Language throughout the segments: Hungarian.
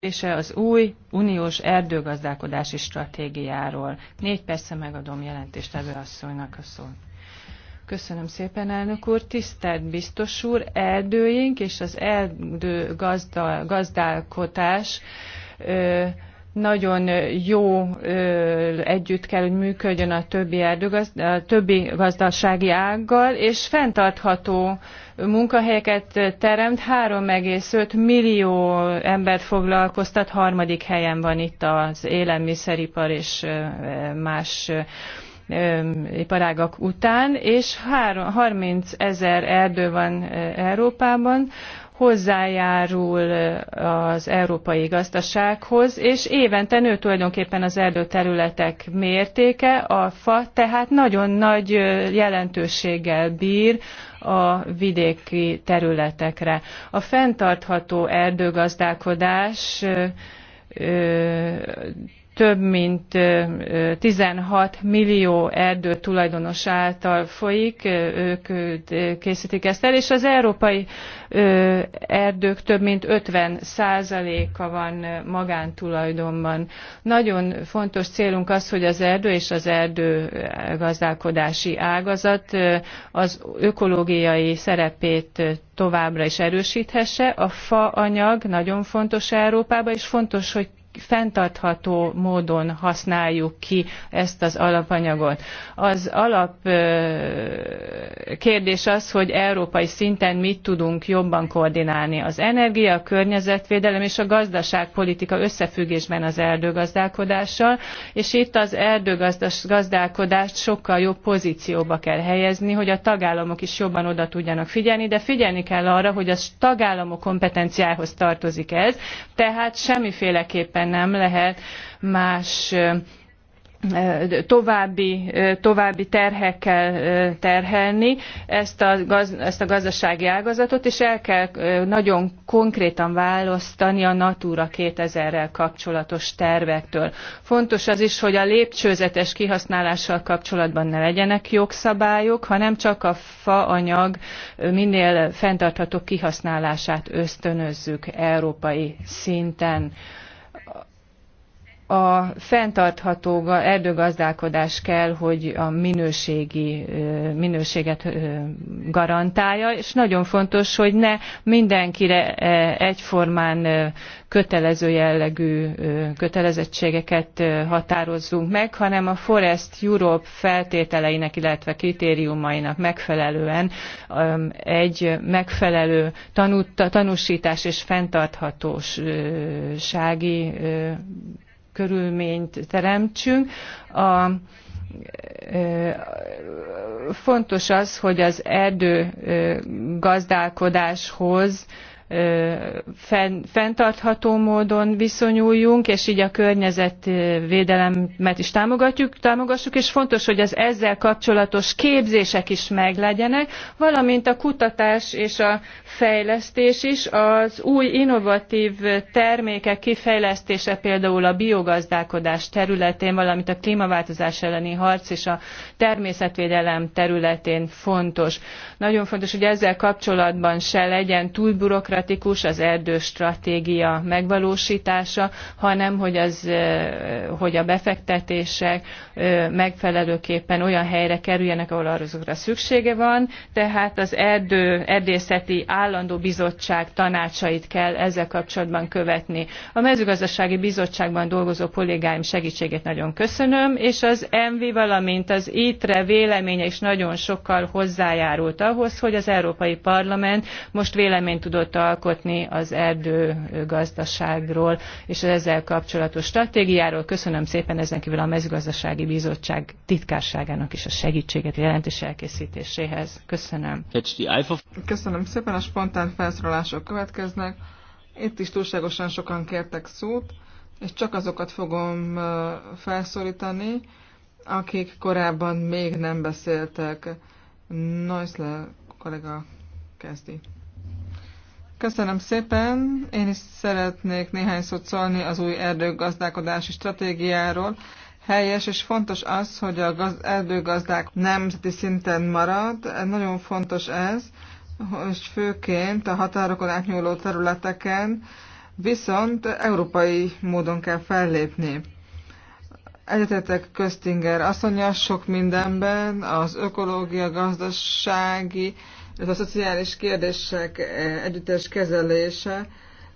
kérdése az új uniós erdőgazdálkodási stratégiáról. Négy persze megadom jelentéstevő asszonynak a szót. Köszönöm szépen, elnök úr. Tisztelt biztos úr, erdőink és az erdő gazdálkodás nagyon jó együtt kell, hogy működjön a többi, erdőgazd, a többi gazdasági ággal, és fenntartható munkahelyeket teremt, 3,5 millió embert foglalkoztat, harmadik helyen van itt az élelmiszeripar és más iparágak után, és 30 ezer erdő van Európában, hozzájárul az európai gazdasághoz, és évente nő tulajdonképpen az erdőterületek mértéke, a fa tehát nagyon nagy jelentőséggel bír a vidéki területekre. A fenntartható erdőgazdálkodás több mint 16 millió erdő tulajdonos által folyik, ők készítik ezt el, és az európai erdők több mint 50 százaléka van magántulajdonban. Nagyon fontos célunk az, hogy az erdő és az erdő gazdálkodási ágazat az ökológiai szerepét továbbra is erősíthesse. A faanyag nagyon fontos Európában, és fontos, hogy fenntartható módon használjuk ki ezt az alapanyagot. Az alap kérdés az, hogy európai szinten mit tudunk jobban koordinálni. Az energia, a környezetvédelem és a gazdaságpolitika összefüggésben az erdőgazdálkodással, és itt az erdőgazdálkodást sokkal jobb pozícióba kell helyezni, hogy a tagállamok is jobban oda tudjanak figyelni, de figyelni kell arra, hogy a tagállamok kompetenciához tartozik ez, tehát semmiféleképpen nem lehet más további, további terhekkel terhelni ezt a, gaz, ezt a gazdasági ágazatot, és el kell nagyon konkrétan választani a Natura 2000-rel kapcsolatos tervektől. Fontos az is, hogy a lépcsőzetes kihasználással kapcsolatban ne legyenek jogszabályok, hanem csak a faanyag minél fenntartható kihasználását ösztönözzük európai szinten a fenntartható erdőgazdálkodás kell, hogy a minőségi, minőséget garantálja, és nagyon fontos, hogy ne mindenkire egyformán kötelező jellegű kötelezettségeket határozzunk meg, hanem a Forest Europe feltételeinek, illetve kritériumainak megfelelően egy megfelelő tanú, tanúsítás és fenntarthatósági körülményt teremtsünk. A, fontos az, hogy az erdő gazdálkodáshoz fenntartható módon viszonyuljunk, és így a környezetvédelemet is támogatjuk, támogassuk, és fontos, hogy az ezzel kapcsolatos képzések is meglegyenek, valamint a kutatás és a fejlesztés is, az új innovatív termékek kifejlesztése például a biogazdálkodás területén, valamint a klímaváltozás elleni harc és a természetvédelem területén fontos. Nagyon fontos, hogy ezzel kapcsolatban se legyen túl bürokratikus, demokratikus az erdő stratégia megvalósítása, hanem hogy, az, hogy a befektetések megfelelőképpen olyan helyre kerüljenek, ahol azokra szüksége van, tehát az erdő, erdészeti állandó bizottság tanácsait kell ezzel kapcsolatban követni. A mezőgazdasági bizottságban dolgozó kollégáim segítségét nagyon köszönöm, és az MV, valamint az ITRE véleménye is nagyon sokkal hozzájárult ahhoz, hogy az Európai Parlament most véleményt tudott alkotni az erdőgazdaságról és az ezzel kapcsolatos stratégiáról. Köszönöm szépen ezen kívül a mezőgazdasági bizottság titkárságának is a segítséget a jelentés elkészítéséhez. Köszönöm. Köszönöm szépen, a spontán felszólalások következnek. Itt is túlságosan sokan kértek szót, és csak azokat fogom felszólítani, akik korábban még nem beszéltek. Noisle kollega kezdi. Köszönöm szépen. Én is szeretnék néhány szót szólni az új erdőgazdálkodási stratégiáról. Helyes és fontos az, hogy a erdőgazdák nemzeti szinten marad. Nagyon fontos ez, hogy főként a határokon átnyúló területeken, viszont európai módon kell fellépni. Egyetetek Köztinger asszonya sok mindenben, az ökológia, gazdasági ez a szociális kérdések eh, együttes kezelése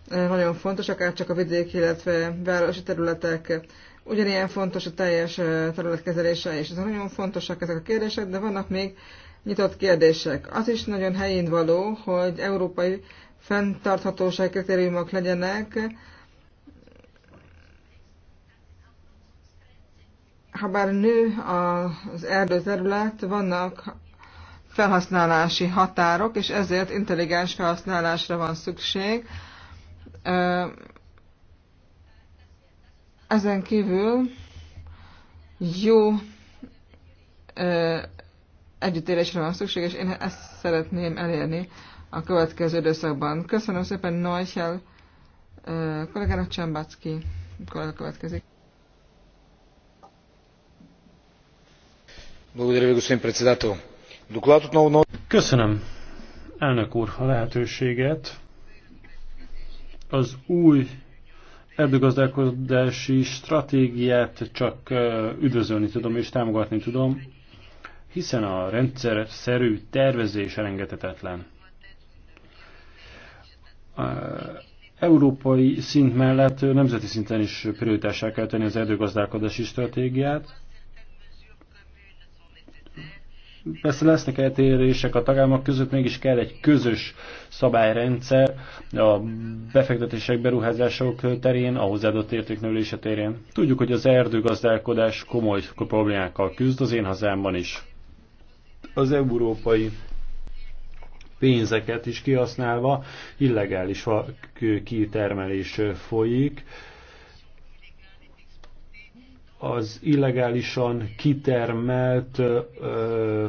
eh, nagyon fontos, akár csak a vidéki, illetve városi területek. Ugyanilyen fontos a teljes eh, területkezelése és Ez nagyon fontosak ezek a kérdések, de vannak még nyitott kérdések. Az is nagyon helyén való, hogy európai fenntarthatóság kritériumok legyenek, ha bár nő az erdőterület, vannak felhasználási határok, és ezért intelligens felhasználásra van szükség. Ezen kívül jó együttélésre van szükség, és én ezt szeretném elérni a következő időszakban. Köszönöm szépen Neuchel kollégának Csambacki kollega következik. Благодаря ви, господин председател. Köszönöm, elnök úr, a lehetőséget. Az új erdőgazdálkodási stratégiát csak üdvözölni tudom és támogatni tudom, hiszen a rendszer szerű tervezés elengedhetetlen. európai szint mellett nemzeti szinten is prioritássá kell tenni az erdőgazdálkodási stratégiát, Persze lesznek eltérések a tagállamok között, mégis kell egy közös szabályrendszer a befektetések, beruházások terén, a hozzáadott értéknövelése terén. Tudjuk, hogy az erdőgazdálkodás komoly problémákkal küzd az én hazámban is. Az európai pénzeket is kihasználva illegális kitermelés folyik az illegálisan kitermelt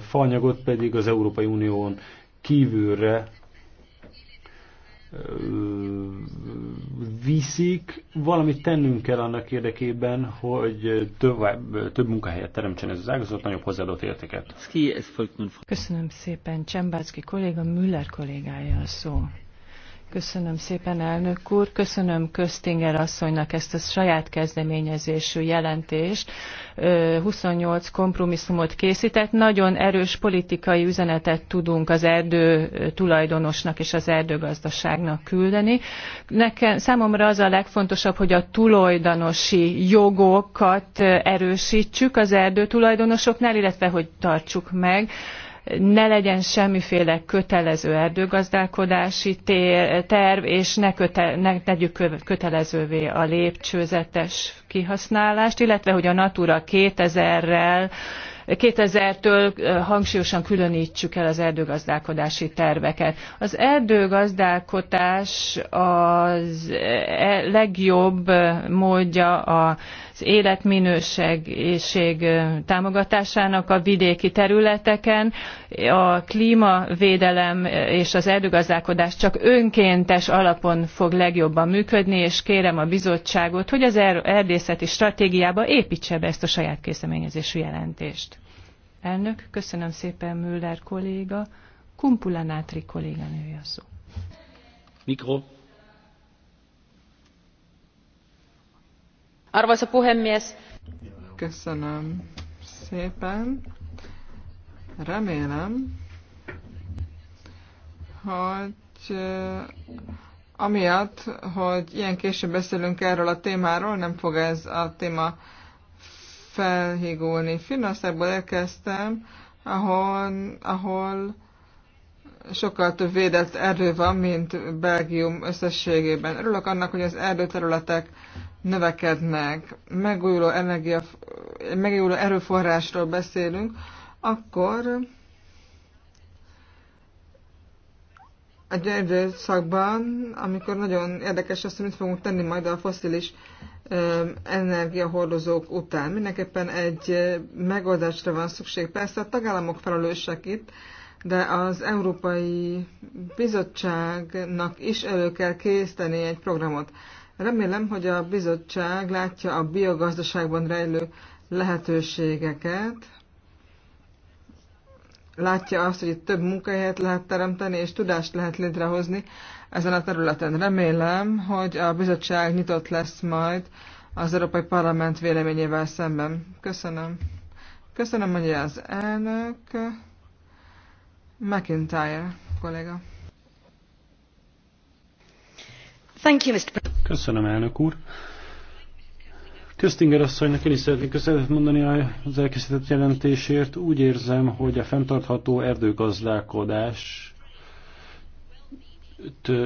fanyagot pedig az Európai Unión kívülre viszik, valamit tennünk kell annak érdekében, hogy több, több munkahelyet teremtsen ez az ágazat, nagyobb hozzáadott értéket. Köszönöm szépen, Csembácki kolléga, Müller kollégája a szó. Köszönöm szépen, elnök úr. Köszönöm Köztinger asszonynak ezt a saját kezdeményezésű jelentést. 28 kompromisszumot készített. Nagyon erős politikai üzenetet tudunk az erdő tulajdonosnak és az erdőgazdaságnak küldeni. Nekem, számomra az a legfontosabb, hogy a tulajdonosi jogokat erősítsük az erdő tulajdonosoknál, illetve hogy tartsuk meg ne legyen semmiféle kötelező erdőgazdálkodási terv, és ne, köte, ne tegyük kötelezővé a lépcsőzetes kihasználást, illetve hogy a Natura 2000-rel 2000-től hangsúlyosan különítsük el az erdőgazdálkodási terveket. Az erdőgazdálkodás az e, legjobb módja a az életminőség támogatásának a vidéki területeken. A klímavédelem és az erdőgazdálkodás csak önkéntes alapon fog legjobban működni, és kérem a bizottságot, hogy az er- erdészeti stratégiába építse be ezt a saját készeményezésű jelentést. Elnök, köszönöm szépen Müller kolléga, Kumpula Nátri kolléganője szó. Mikro. Arvoisa puhemies. Köszönöm szépen. Remélem, hogy eh, amiatt, hogy ilyen később beszélünk erről a témáról, nem fog ez a téma felhigulni. Finnországból érkeztem, ahol, ahol sokkal több védett erdő van, mint Belgium összességében. Örülök annak, hogy az erdőterületek növekednek, megújuló, energia, megújuló erőforrásról beszélünk, akkor egy időszakban, amikor nagyon érdekes azt, mit fogunk tenni majd a foszilis energiahordozók után. Mindenképpen egy megoldásra van szükség. Persze a tagállamok felelősek itt, de az Európai Bizottságnak is elő kell készíteni egy programot. Remélem, hogy a bizottság látja a biogazdaságban rejlő lehetőségeket, látja azt, hogy itt több munkahelyet lehet teremteni, és tudást lehet létrehozni ezen a területen. Remélem, hogy a bizottság nyitott lesz majd az Európai Parlament véleményével szemben. Köszönöm. Köszönöm, hogy az elnök. McIntyre kollega. Köszönöm, elnök úr. Köztinger asszonynak én is szeretnék köszönetet mondani az elkészített jelentésért. Úgy érzem, hogy a fenntartható erdőgazdálkodás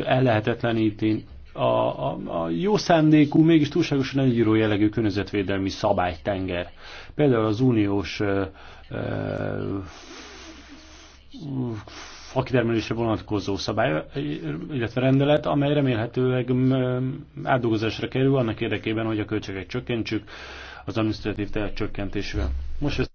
ellehetetleníti a, a, a jó szándékú, mégis túlságosan egyíró jellegű környezetvédelmi szabálytenger. Például az uniós ö, ö, a kitermelésre vonatkozó szabály, illetve rendelet, amely remélhetőleg átdolgozásra kerül annak érdekében, hogy a költségek csökkentsük az administratív tehet csökkentésével. Most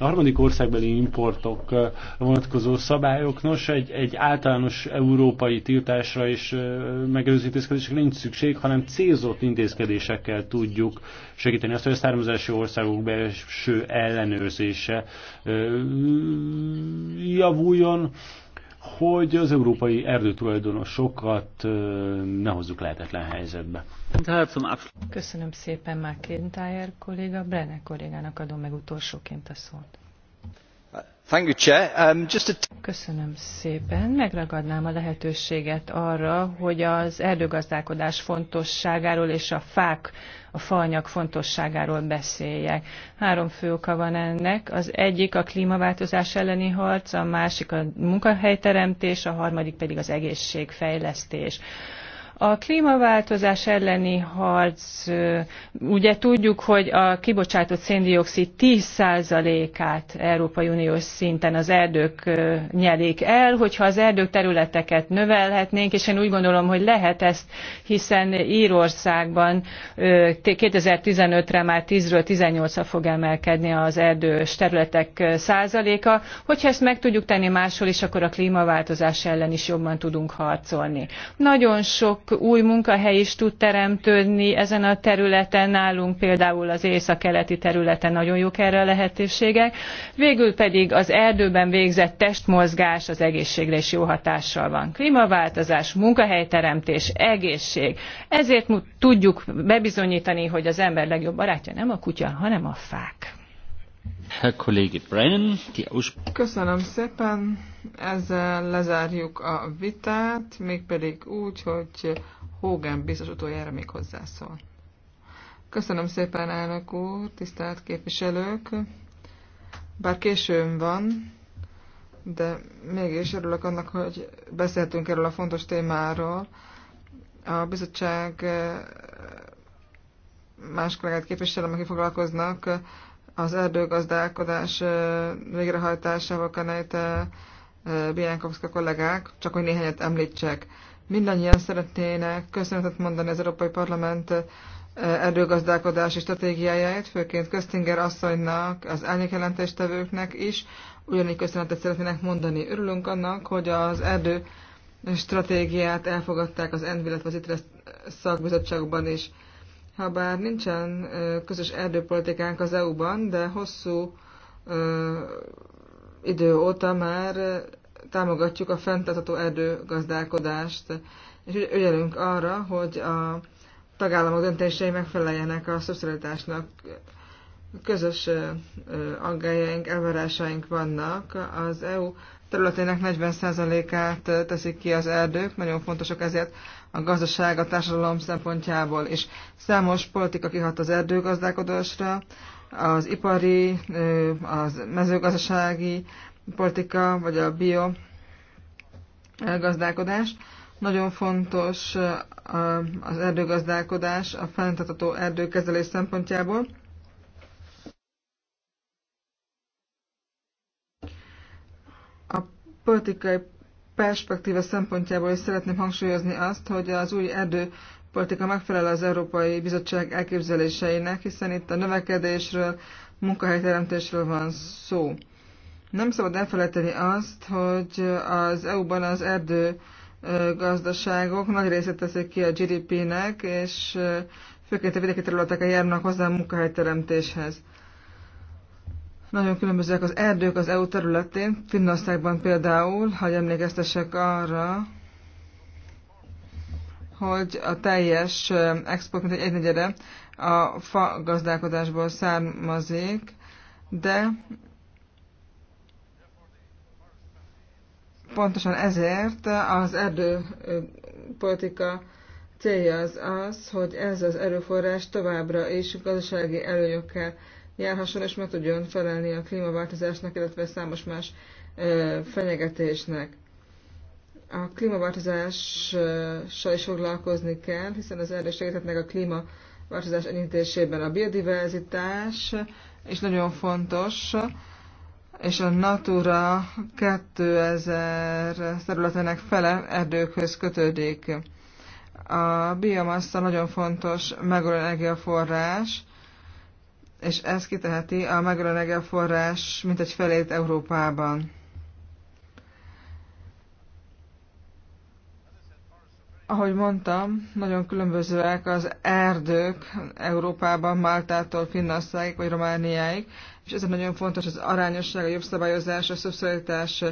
a harmadik országbeli importok eh, vonatkozó szabályok, nos, egy, egy általános európai tiltásra és eh, megelőző intézkedésekre nincs szükség, hanem célzott intézkedésekkel tudjuk segíteni azt, hogy a származási országok belső ellenőrzése eh, javuljon, hogy az európai erdőtulajdonosokat ne hozzuk lehetetlen helyzetbe. Köszönöm szépen McIntyre kolléga, Brenner kollégának adom meg utolsóként a szót. Um, Köszönöm szépen. Megragadnám a lehetőséget arra, hogy az erdőgazdálkodás fontosságáról és a fák, a faanyag fontosságáról beszéljek. Három fő oka van ennek. Az egyik a klímaváltozás elleni harc, a másik a munkahelyteremtés, a harmadik pedig az egészségfejlesztés. fejlesztés a klímaváltozás elleni harc, ugye tudjuk, hogy a kibocsátott széndiokszid 10%-át Európai Uniós szinten az erdők nyelik el, hogyha az erdők területeket növelhetnénk, és én úgy gondolom, hogy lehet ezt, hiszen Írországban 2015-re már 10-ről 18-ra fog emelkedni az erdős területek százaléka. Hogyha ezt meg tudjuk tenni máshol is, akkor a klímaváltozás ellen is jobban tudunk harcolni. Nagyon sok új munkahely is tud teremtődni ezen a területen, nálunk például az északkeleti területen nagyon jók erre a lehetőségek. Végül pedig az erdőben végzett testmozgás az egészségre is jó hatással van. Klímaváltozás, munkahelyteremtés, egészség. Ezért tudjuk bebizonyítani, hogy az ember legjobb barátja nem a kutya, hanem a fák. Herr Kollege Brennan, die Köszönöm szépen ezzel lezárjuk a vitát, mégpedig úgy, hogy Hogan biztos utoljára még hozzászól. Köszönöm szépen, elnök úr, tisztelt képviselők! Bár későn van, de mégis örülök annak, hogy beszéltünk erről a fontos témáról. A bizottság eh, más kollégát képviselem, akik foglalkoznak az erdőgazdálkodás eh, végrehajtásával, Kanejte Biankovska kollégák, csak hogy néhányat említsek. Mindannyian szeretnének köszönetet mondani az Európai Parlament erdőgazdálkodási stratégiájáért, főként Köztinger asszonynak, az árnyékjelentéstevőknek is. Ugyanígy köszönetet szeretnének mondani. Örülünk annak, hogy az erdő stratégiát elfogadták az ENV, illetve az ITRESZ szakbizottságban is. Habár nincsen közös erdőpolitikánk az EU-ban, de hosszú idő óta már támogatjuk a fenntartható erdőgazdálkodást, és ügyelünk arra, hogy a tagállamok döntései megfeleljenek a szocialitásnak. Közös aggájaink, elvárásaink vannak. Az EU területének 40%-át teszik ki az erdők, nagyon fontosak ezért a gazdaság, a társadalom szempontjából, és számos politika kihat az erdőgazdálkodásra, az ipari, az mezőgazdasági politika, vagy a bio gazdálkodás. Nagyon fontos az erdőgazdálkodás a fenntartató erdőkezelés szempontjából. A politikai perspektíva szempontjából is szeretném hangsúlyozni azt, hogy az új erdő politika megfelel az Európai Bizottság elképzeléseinek, hiszen itt a növekedésről, munkahelyteremtésről van szó. Nem szabad elfelejteni azt, hogy az EU-ban az erdő gazdaságok nagy részét teszik ki a GDP-nek, és főként a vidéki területeken járnak hozzá a munkahelyteremtéshez. Nagyon különbözőek az erdők az EU területén, Finnországban például, hogy emlékeztessek arra, hogy a teljes export mint egy egynegyede a fa gazdálkodásból származik, de pontosan ezért az erdőpolitika célja az az, hogy ez az erőforrás továbbra is gazdasági előnyökkel járhasson, és meg tudjon felelni a klímaváltozásnak, illetve számos más fenyegetésnek a klímaváltozással is foglalkozni kell, hiszen az erre segíthetnek a klímaváltozás enyhítésében a biodiverzitás, és nagyon fontos, és a Natura 2000 területének fele erdőkhöz kötődik. A biomassa nagyon fontos megújuló energiaforrás, és ez kiteheti a megújuló energiaforrás mintegy felét Európában. ahogy mondtam, nagyon különbözőek az erdők Európában, Máltától Finnországig vagy Romániáig, és ezért nagyon fontos az arányosság, a jobb szabályozás, a szubszidiaritás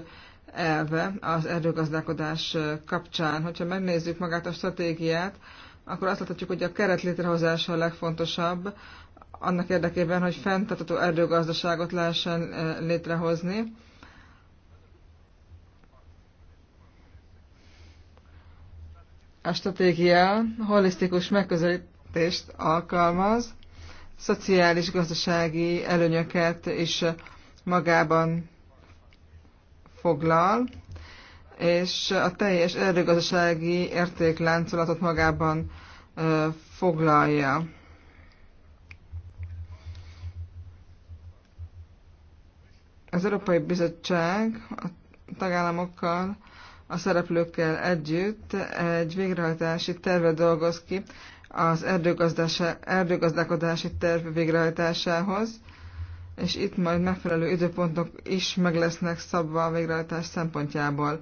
elve az erdőgazdálkodás kapcsán. Hogyha megnézzük magát a stratégiát, akkor azt láthatjuk, hogy a keret létrehozása a legfontosabb, annak érdekében, hogy fenntartható erdőgazdaságot lehessen eh, létrehozni a stratégia holisztikus megközelítést alkalmaz, szociális-gazdasági előnyöket is magában foglal, és a teljes erdőgazdasági értékláncolatot magában ö, foglalja. Az Európai Bizottság a tagállamokkal a szereplőkkel együtt egy végrehajtási terve dolgoz ki az erdőgazdálkodási terv végrehajtásához, és itt majd megfelelő időpontok is meg lesznek szabva a végrehajtás szempontjából.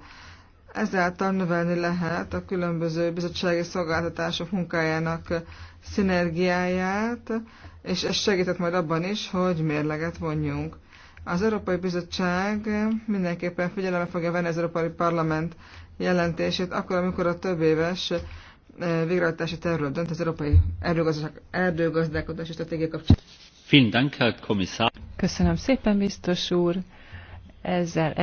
Ezáltal növelni lehet a különböző bizottsági szolgáltatások munkájának szinergiáját, és ez segített majd abban is, hogy mérleget vonjunk. Az Európai Bizottság mindenképpen figyelembe fogja venni az Európai Parlament jelentését, akkor, amikor a több éves eh, végrehajtási tervről dönt az Európai Erdőgazdálkodási Stratégia kapcsolatban. Köszönöm szépen, biztos úr! Ezzel ezt